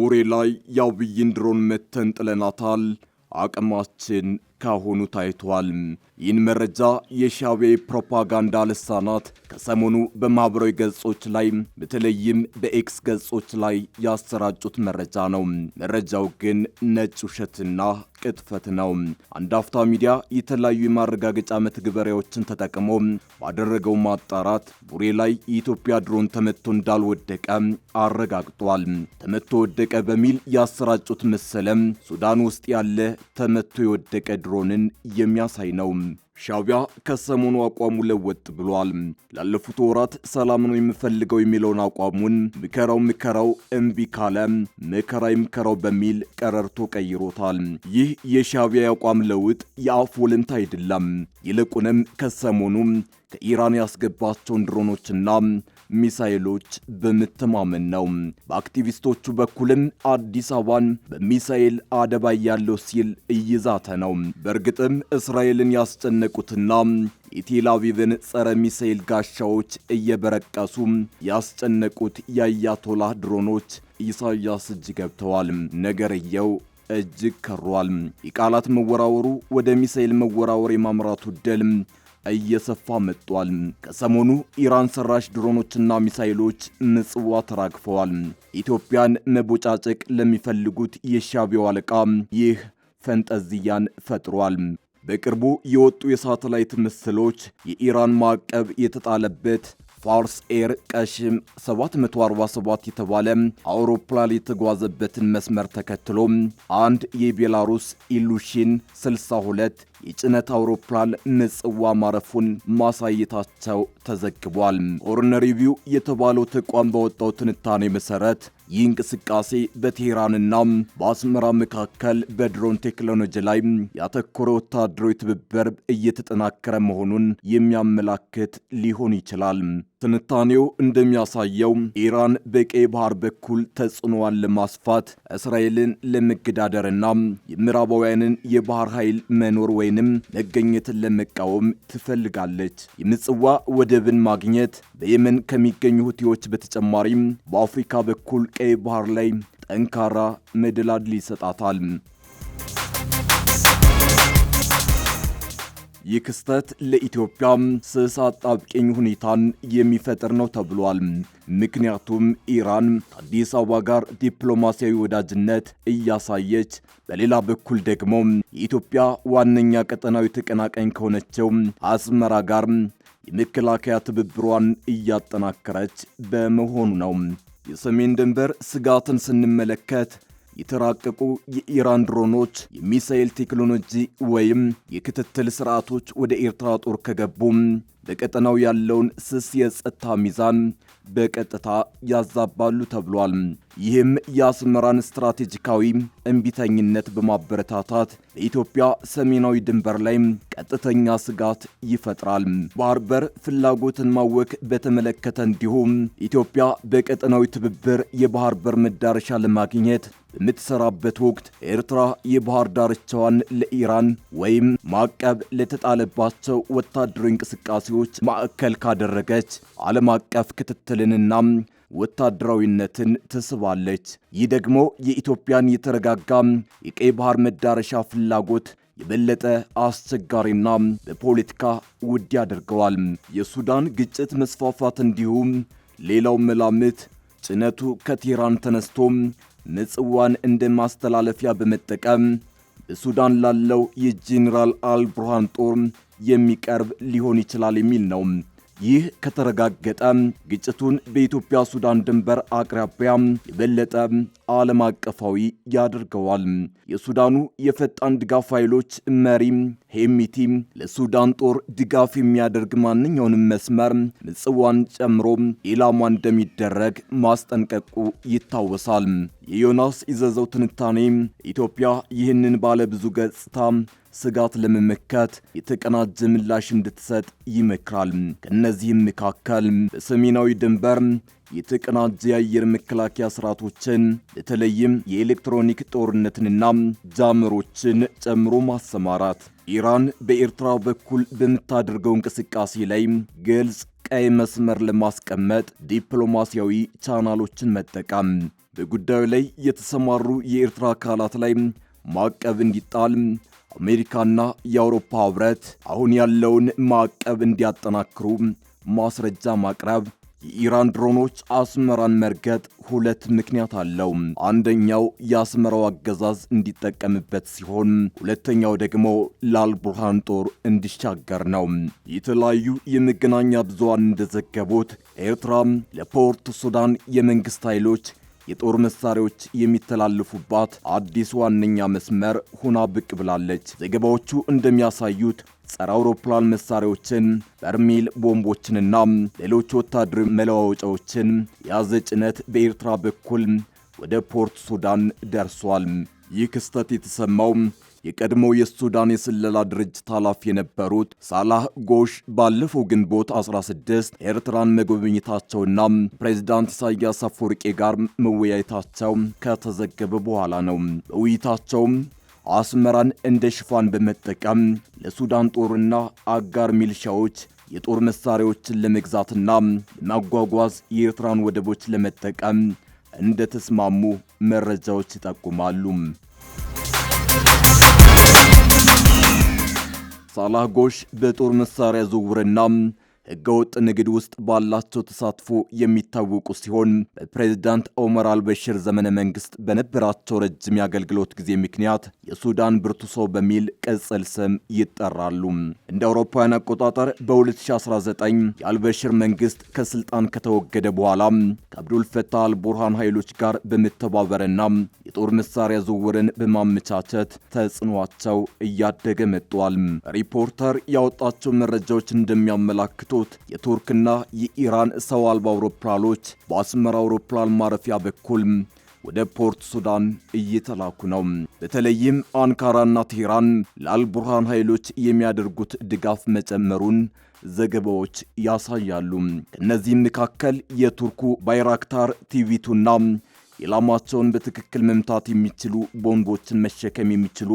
ቦሬ ላይ የአብይን ድሮን መተን ጥለናታል። አቅማችን ካሁኑ ታይቷል። ይህን መረጃ የሻዕቢያ ፕሮፓጋንዳ ልሳናት ከሰሞኑ በማኅበራዊ ገጾች ላይ በተለይም በኤክስ ገጾች ላይ ያሰራጩት መረጃ ነው። መረጃው ግን ነጭ ውሸትና ቅጥፈት ነው። አንድ አፍታ ሚዲያ የተለያዩ የማረጋገጫ መተግበሪያዎችን ተጠቅሞ ባደረገው ማጣራት ቡሬ ላይ የኢትዮጵያ ድሮን ተመቶ እንዳልወደቀ አረጋግጧል። ተመቶ ወደቀ በሚል ያሰራጩት መሰለም ሱዳን ውስጥ ያለ ተመቶ የወደቀ ድሮን ድሮንን የሚያሳይ ነው። ሻቢያ ከሰሞኑ አቋሙ ለወጥ ብሏል። ላለፉት ወራት ሰላም ነው የምፈልገው የሚለውን አቋሙን ምከራው ምከራው እምቢ ካለ ምከራ ምከራው በሚል ቀረርቶ ቀይሮታል። ይህ የሻቢያ አቋም ለውጥ የአፍ ወለምታ አይደለም። ይልቁንም ከሰሞኑ ከኢራን ያስገባቸውን ድሮኖችና ሚሳኤሎች በመተማመን ነው። በአክቲቪስቶቹ በኩልም አዲስ አበባን በሚሳኤል ያለው ሲል እይዛተ ነው። በእርግጥም እስራኤልን ያስጨነቁትና የቴልአቪቭን ጸረ ሚሳኤል ጋሻዎች እየበረቀሱ ያስጨነቁት የአያቶላህ ድሮኖች ኢሳያስ እጅ ገብተዋል። ነገርየው እጅግ ከሯል። የቃላት መወራወሩ ወደ ሚሳኤል መወራወር የማምራቱ ደል እየሰፋ መጥቷል። ከሰሞኑ ኢራን ሰራሽ ድሮኖችና ሚሳይሎች ምጽዋ ተራግፈዋል። ኢትዮጵያን መቦጫጨቅ ለሚፈልጉት የሻቢያው አለቃ ይህ ፈንጠዝያን ፈጥሯል። በቅርቡ የወጡ የሳተላይት ምስሎች የኢራን ማዕቀብ የተጣለበት ፋርስ ኤር ቀሽም 747 የተባለ አውሮፕላን የተጓዘበትን መስመር ተከትሎ አንድ የቤላሩስ ኢሉሽን 62 የጭነት አውሮፕላን ምጽዋ ማረፉን ማሳየታቸው ተዘግቧል። ሆርን ሪቪው የተባለው ተቋም ባወጣው ትንታኔ መሠረት ይህ እንቅስቃሴ በቴህራንና በአስመራ መካከል በድሮን ቴክኖሎጂ ላይ ያተኮረ ወታደራዊ ትብብር እየተጠናከረ መሆኑን የሚያመላክት ሊሆን ይችላል። ትንታኔው እንደሚያሳየው ኢራን በቀይ ባህር በኩል ተጽዕኖዋን ለማስፋት እስራኤልን ለመገዳደርና የምዕራባውያንን የባህር ኃይል መኖር ወይ ወይንም መገኘትን ለመቃወም ትፈልጋለች። የምጽዋ ወደብን ማግኘት በየመን ከሚገኙ ሁቲዎች በተጨማሪም በአፍሪካ በኩል ቀይ ባህር ላይ ጠንካራ መደላድል ይሰጣታል። ይህ ክስተት ለኢትዮጵያ ስስ አጣብቂኝ ሁኔታን የሚፈጥር ነው ተብሏል። ምክንያቱም ኢራን ከአዲስ አበባ ጋር ዲፕሎማሲያዊ ወዳጅነት እያሳየች በሌላ በኩል ደግሞ የኢትዮጵያ ዋነኛ ቀጠናዊ ተቀናቃኝ ከሆነችው አስመራ ጋር የመከላከያ ትብብሯን እያጠናከረች በመሆኑ ነው። የሰሜን ድንበር ስጋትን ስንመለከት የተራቀቁ የኢራን ድሮኖች፣ የሚሳኤል ቴክኖሎጂ ወይም የክትትል ስርዓቶች ወደ ኤርትራ ጦር ከገቡ በቀጠናው ያለውን ስስ የጸጥታ ሚዛን በቀጥታ ያዛባሉ ተብሏል። ይህም የአስመራን ስትራቴጂካዊ እምቢተኝነት በማበረታታት በኢትዮጵያ ሰሜናዊ ድንበር ላይ ቀጥተኛ ስጋት ይፈጥራል። ባህር በር ፍላጎትን ማወክ በተመለከተ እንዲሁም ኢትዮጵያ በቀጠናዊ ትብብር የባህር በር መዳረሻ ለማግኘት በምትሰራበት ወቅት ኤርትራ የባህር ዳርቻዋን ለኢራን ወይም ማዕቀብ ለተጣለባቸው ወታደራዊ እንቅስቃሴዎች ማዕከል ካደረገች ዓለም አቀፍ ክትትልንና ወታደራዊነትን ትስባለች። ይህ ደግሞ የኢትዮጵያን የተረጋጋ የቀይ ባህር መዳረሻ ፍላጎት የበለጠ አስቸጋሪና በፖለቲካ ውድ ያደርገዋል። የሱዳን ግጭት መስፋፋት እንዲሁም ሌላው መላምት ጭነቱ ከቴህራን ተነስቶ ምጽዋን እንደ ማስተላለፊያ በመጠቀም በሱዳን ላለው የጄኔራል አልብርሃን ጦር የሚቀርብ ሊሆን ይችላል የሚል ነው። ይህ ከተረጋገጠ ግጭቱን በኢትዮጵያ ሱዳን ድንበር አቅራቢያ የበለጠ ዓለም አቀፋዊ ያደርገዋል። የሱዳኑ የፈጣን ድጋፍ ኃይሎች መሪ ሄሚቲም ለሱዳን ጦር ድጋፍ የሚያደርግ ማንኛውንም መስመር ምጽዋን ጨምሮ ኢላማ እንደሚደረግ ማስጠንቀቁ ይታወሳል። የዮናስ ይዘዘው ትንታኔ ኢትዮጵያ ይህንን ባለ ብዙ ገጽታ ስጋት ለመመከት የተቀናጀ ምላሽ እንድትሰጥ ይመክራል። ከእነዚህም መካከል በሰሜናዊ ድንበር የተቀናጀ የአየር መከላከያ ስርዓቶችን በተለይም የኤሌክትሮኒክ ጦርነትንና ጃምሮችን ጨምሮ ማሰማራት ኢራን በኤርትራ በኩል በምታደርገው እንቅስቃሴ ላይ ግልጽ ቀይ መስመር ለማስቀመጥ ዲፕሎማሲያዊ ቻናሎችን መጠቀም፣ በጉዳዩ ላይ የተሰማሩ የኤርትራ አካላት ላይ ማዕቀብ እንዲጣል አሜሪካና የአውሮፓ ህብረት አሁን ያለውን ማዕቀብ እንዲያጠናክሩ ማስረጃ ማቅረብ የኢራን ድሮኖች አስመራን መርገጥ ሁለት ምክንያት አለው። አንደኛው የአስመራው አገዛዝ እንዲጠቀምበት ሲሆን፣ ሁለተኛው ደግሞ ላልቡርሃን ጦር እንዲሻገር ነው። የተለያዩ የመገናኛ ብዙሃን እንደዘገቡት ኤርትራ ለፖርት ሱዳን የመንግስት ኃይሎች የጦር መሳሪያዎች የሚተላለፉባት አዲስ ዋነኛ መስመር ሆና ብቅ ብላለች። ዘገባዎቹ እንደሚያሳዩት ጸረ አውሮፕላን መሳሪያዎችን፣ በርሜል ቦምቦችንና ሌሎች ወታደራዊ መለዋወጫዎችን የያዘ ጭነት በኤርትራ በኩል ወደ ፖርት ሱዳን ደርሷል። ይህ ክስተት የተሰማው የቀድሞው የሱዳን የስለላ ድርጅት ኃላፊ የነበሩት ሳላህ ጎሽ ባለፈው ግንቦት 16 ኤርትራን መጎብኝታቸውና ፕሬዚዳንት ኢሳያስ አፈወርቄ ጋር መወያየታቸው ከተዘገበ በኋላ ነው። በውይይታቸውም አስመራን እንደ ሽፋን በመጠቀም ለሱዳን ጦርና አጋር ሚልሻዎች የጦር መሳሪያዎችን ለመግዛትና ለማጓጓዝ የኤርትራን ወደቦች ለመጠቀም እንደተስማሙ መረጃዎች ይጠቁማሉ። ሳላህ ጎሽ በጦር መሳሪያ ዝውውርና ህገወጥ ንግድ ውስጥ ባላቸው ተሳትፎ የሚታወቁ ሲሆን በፕሬዚዳንት ኦመር አልበሽር ዘመነ መንግስት በነበራቸው ረጅም የአገልግሎት ጊዜ ምክንያት የሱዳን ብርቱ ሰው በሚል ቅጽል ስም ይጠራሉ። እንደ አውሮፓውያን አቆጣጠር በ2019 የአልበሽር መንግስት ከስልጣን ከተወገደ በኋላ ከአብዱልፈታህ አልቡርሃን ኃይሎች ጋር በመተባበርና የጦር መሳሪያ ዝውውርን በማመቻቸት ተጽዕኖቸው እያደገ መጥቷል። ሪፖርተር ያወጣቸው መረጃዎች እንደሚያመላክቱ የነበሩት የቱርክና የኢራን ሰው አልባ አውሮፕላኖች በአስመራ አውሮፕላን ማረፊያ በኩል ወደ ፖርት ሱዳን እየተላኩ ነው። በተለይም አንካራና ቴህራን ለአልቡርሃን ኃይሎች የሚያደርጉት ድጋፍ መጨመሩን ዘገባዎች ያሳያሉ። ከእነዚህም መካከል የቱርኩ ባይራክታር ቲቪቱና ኢላማቸውን በትክክል መምታት የሚችሉ ቦምቦችን መሸከም የሚችሉ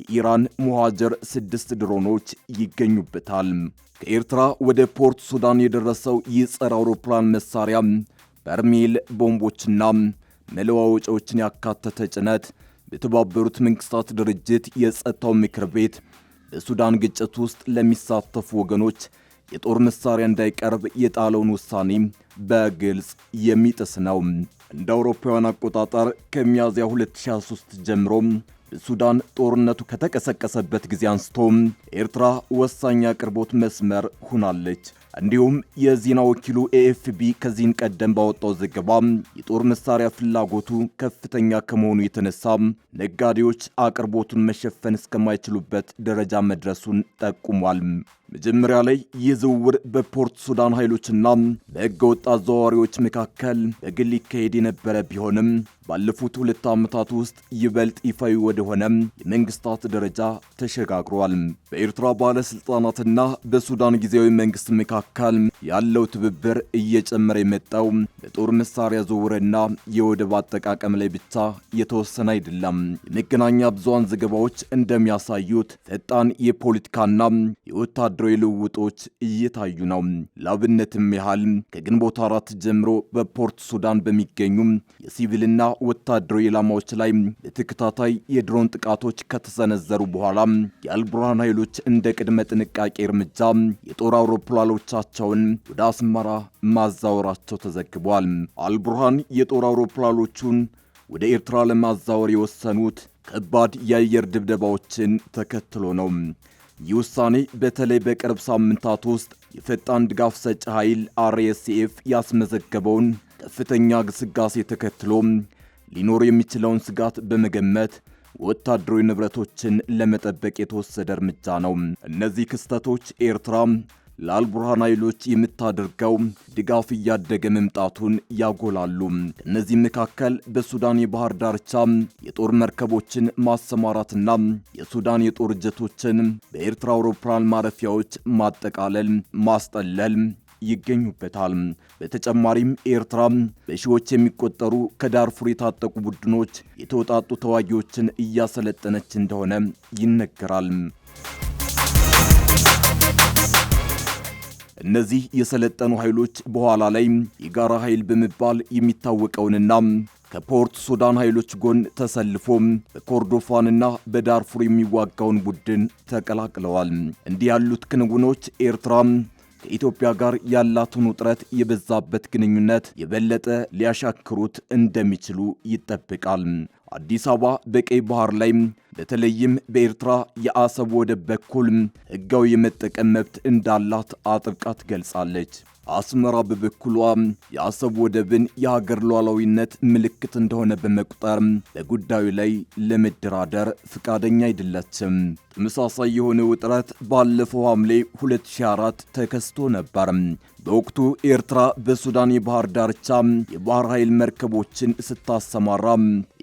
የኢራን ሙሃጀር ስድስት ድሮኖች ይገኙበታል። ከኤርትራ ወደ ፖርት ሱዳን የደረሰው ይህ ጸረ አውሮፕላን መሳሪያ በርሜል ቦምቦችና መለዋወጫዎችን ያካተተ ጭነት በተባበሩት መንግስታት ድርጅት የጸጥታው ምክር ቤት በሱዳን ግጭት ውስጥ ለሚሳተፉ ወገኖች የጦር መሳሪያ እንዳይቀርብ የጣለውን ውሳኔ በግልጽ የሚጥስ ነው። እንደ አውሮፓውያን አቆጣጠር ከሚያዝያ 2023 ጀምሮ በሱዳን ጦርነቱ ከተቀሰቀሰበት ጊዜ አንስቶ ኤርትራ ወሳኝ አቅርቦት መስመር ሆናለች። እንዲሁም የዜና ወኪሉ ኤኤፍቢ ከዚህን ቀደም ባወጣው ዘገባ የጦር መሳሪያ ፍላጎቱ ከፍተኛ ከመሆኑ የተነሳ ነጋዴዎች አቅርቦቱን መሸፈን እስከማይችሉበት ደረጃ መድረሱን ጠቁሟል። መጀመሪያ ላይ ይህ ዝውውር በፖርት ሱዳን ኃይሎችና በሕገወጥ አዘዋዋሪዎች መካከል በግል ይካሄድ የነበረ ቢሆንም ባለፉት ሁለት ዓመታት ውስጥ ይበልጥ ይፋዊ ወደሆነ የመንግስታት ደረጃ ተሸጋግሯል። በኤርትራ ባለሥልጣናትና በሱዳን ጊዜያዊ መንግስት መካከል አካል ያለው ትብብር እየጨመረ የመጣው በጦር መሳሪያ ዝውውርና የወደብ አጠቃቀም ላይ ብቻ የተወሰነ አይደለም። የመገናኛ ብዙሃን ዘገባዎች እንደሚያሳዩት ፈጣን የፖለቲካና የወታደራዊ ልውውጦች እየታዩ ነው። ለአብነትም ያህል ከግንቦት አራት ጀምሮ በፖርት ሱዳን በሚገኙ የሲቪልና ወታደራዊ ኢላማዎች ላይ በተከታታይ የድሮን ጥቃቶች ከተሰነዘሩ በኋላ የአልቡርሃን ኃይሎች እንደ ቅድመ ጥንቃቄ እርምጃ የጦር አውሮፕላኖች ራሳቸውን ወደ አስመራ ማዛወራቸው ተዘግቧል። አልቡርሃን የጦር አውሮፕላኖቹን ወደ ኤርትራ ለማዛወር የወሰኑት ከባድ የአየር ድብደባዎችን ተከትሎ ነው። ይህ ውሳኔ በተለይ በቅርብ ሳምንታት ውስጥ የፈጣን ድጋፍ ሰጪ ኃይል አርኤስኤፍ ያስመዘገበውን ከፍተኛ ግስጋሴ ተከትሎ ሊኖር የሚችለውን ስጋት በመገመት ወታደራዊ ንብረቶችን ለመጠበቅ የተወሰደ እርምጃ ነው። እነዚህ ክስተቶች ኤርትራ ለአልቡርሃን ኃይሎች የምታደርገው ድጋፍ እያደገ መምጣቱን ያጎላሉ። ከእነዚህም መካከል በሱዳን የባህር ዳርቻ የጦር መርከቦችን ማሰማራትና የሱዳን የጦር ጀቶችን በኤርትራ አውሮፕላን ማረፊያዎች ማጠቃለል፣ ማስጠለል ይገኙበታል። በተጨማሪም ኤርትራ በሺዎች የሚቆጠሩ ከዳርፉር የታጠቁ ቡድኖች የተወጣጡ ተዋጊዎችን እያሰለጠነች እንደሆነ ይነገራል። እነዚህ የሰለጠኑ ኃይሎች በኋላ ላይ የጋራ ኃይል በመባል የሚታወቀውንና ከፖርት ሱዳን ኃይሎች ጎን ተሰልፎ በኮርዶፋንና በዳርፉር የሚዋጋውን ቡድን ተቀላቅለዋል። እንዲህ ያሉት ክንውኖች ኤርትራ ከኢትዮጵያ ጋር ያላትን ውጥረት የበዛበት ግንኙነት የበለጠ ሊያሻክሩት እንደሚችሉ ይጠበቃል። አዲስ አበባ በቀይ ባህር ላይ በተለይም በኤርትራ የአሰብ ወደብ በኩል ህጋዊ የመጠቀም መብት እንዳላት አጥብቃ ትገልጻለች። አስመራ በበኩሏ የአሰብ ወደብን የሀገር ሉዓላዊነት ምልክት እንደሆነ በመቁጠር በጉዳዩ ላይ ለመደራደር ፍቃደኛ አይደለችም። ተመሳሳይ የሆነ ውጥረት ባለፈው ሐምሌ 2004 ተከስቶ ነበር። በወቅቱ ኤርትራ በሱዳን የባህር ዳርቻ የባህር ኃይል መርከቦችን ስታሰማራ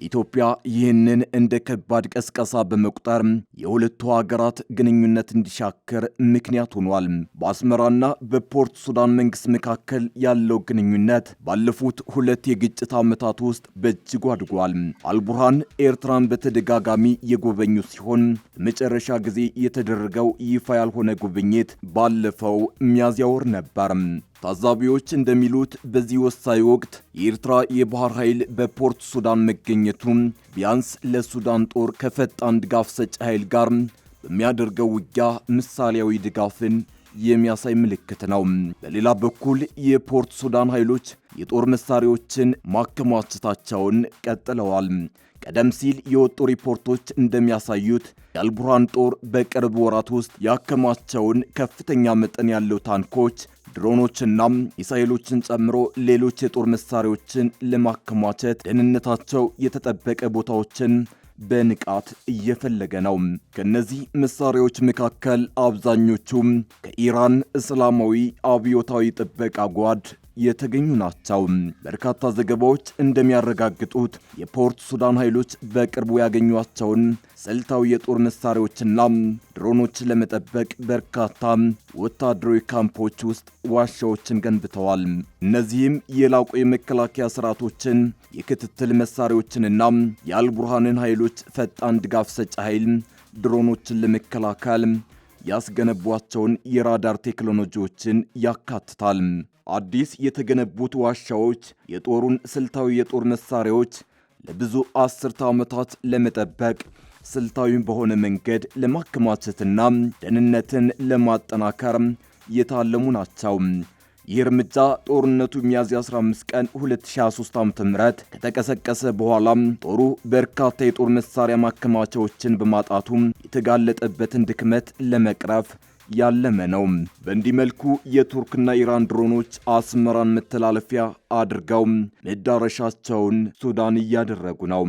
ኢትዮጵያ ሩሲያ ይህንን እንደ ከባድ ቀስቀሳ በመቁጠር የሁለቱ ሀገራት ግንኙነት እንዲሻከር ምክንያት ሆኗል። በአስመራና በፖርት ሱዳን መንግስት መካከል ያለው ግንኙነት ባለፉት ሁለት የግጭት ዓመታት ውስጥ በእጅጉ አድጓል። አልቡርሃን ኤርትራን በተደጋጋሚ የጎበኙ ሲሆን መጨረሻ ጊዜ የተደረገው ይፋ ያልሆነ ጉብኝት ባለፈው ሚያዝያ ወር ነበር። ታዛቢዎች እንደሚሉት በዚህ ወሳኝ ወቅት የኤርትራ የባህር ኃይል በፖርት ሱዳን መገኘቱ ቢያንስ ለሱዳን ጦር ከፈጣን ድጋፍ ሰጪ ኃይል ጋር በሚያደርገው ውጊያ ምሳሌያዊ ድጋፍን የሚያሳይ ምልክት ነው። በሌላ በኩል የፖርት ሱዳን ኃይሎች የጦር መሳሪያዎችን ማከማቸታቸውን ቀጥለዋል። ቀደም ሲል የወጡ ሪፖርቶች እንደሚያሳዩት የአልቡርሃን ጦር በቅርብ ወራት ውስጥ ያከማቸውን ከፍተኛ መጠን ያለው ታንኮች ድሮኖችና ሚሳኤሎችን ጨምሮ ሌሎች የጦር መሳሪያዎችን ለማከማቸት ደህንነታቸው የተጠበቀ ቦታዎችን በንቃት እየፈለገ ነው። ከእነዚህ መሳሪያዎች መካከል አብዛኞቹም ከኢራን እስላማዊ አብዮታዊ ጥበቃ ጓድ የተገኙ ናቸው። በርካታ ዘገባዎች እንደሚያረጋግጡት የፖርት ሱዳን ኃይሎች በቅርቡ ያገኟቸውን ስልታዊ የጦር መሳሪያዎችና ድሮኖች ለመጠበቅ በርካታ ወታደራዊ ካምፖች ውስጥ ዋሻዎችን ገንብተዋል። እነዚህም የላቁ የመከላከያ ስርዓቶችን፣ የክትትል መሳሪያዎችንና የአልቡርሃንን ኃይሎች ፈጣን ድጋፍ ሰጪ ኃይል ድሮኖችን ለመከላከል ያስገነቧቸውን የራዳር ቴክኖሎጂዎችን ያካትታል። አዲስ የተገነቡት ዋሻዎች የጦሩን ስልታዊ የጦር መሳሪያዎች ለብዙ አስርተ ዓመታት ለመጠበቅ ስልታዊ በሆነ መንገድ ለማከማቸትና ደህንነትን ለማጠናከር የታለሙ ናቸው። ይህ እርምጃ ጦርነቱ ሚያዝያ 15 ቀን 2023 ዓ.ም ከተቀሰቀሰ በኋላም ጦሩ በርካታ የጦር መሳሪያ ማከማቻዎችን በማጣቱም የተጋለጠበትን ድክመት ለመቅረፍ ያለመ ነው። በእንዲህ መልኩ የቱርክና ኢራን ድሮኖች አስመራን መተላለፊያ አድርገው መዳረሻቸውን ሱዳን እያደረጉ ነው።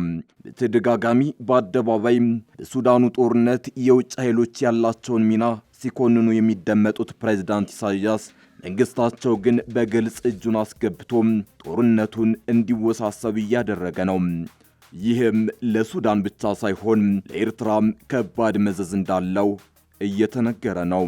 በተደጋጋሚ በአደባባይ በሱዳኑ ጦርነት የውጭ ኃይሎች ያላቸውን ሚና ሲኮንኑ የሚደመጡት ፕሬዚዳንት ኢሳያስ መንግስታቸው ግን በግልጽ እጁን አስገብቶ ጦርነቱን እንዲወሳሰብ እያደረገ ነው። ይህም ለሱዳን ብቻ ሳይሆን ለኤርትራም ከባድ መዘዝ እንዳለው እየተነገረ ነው።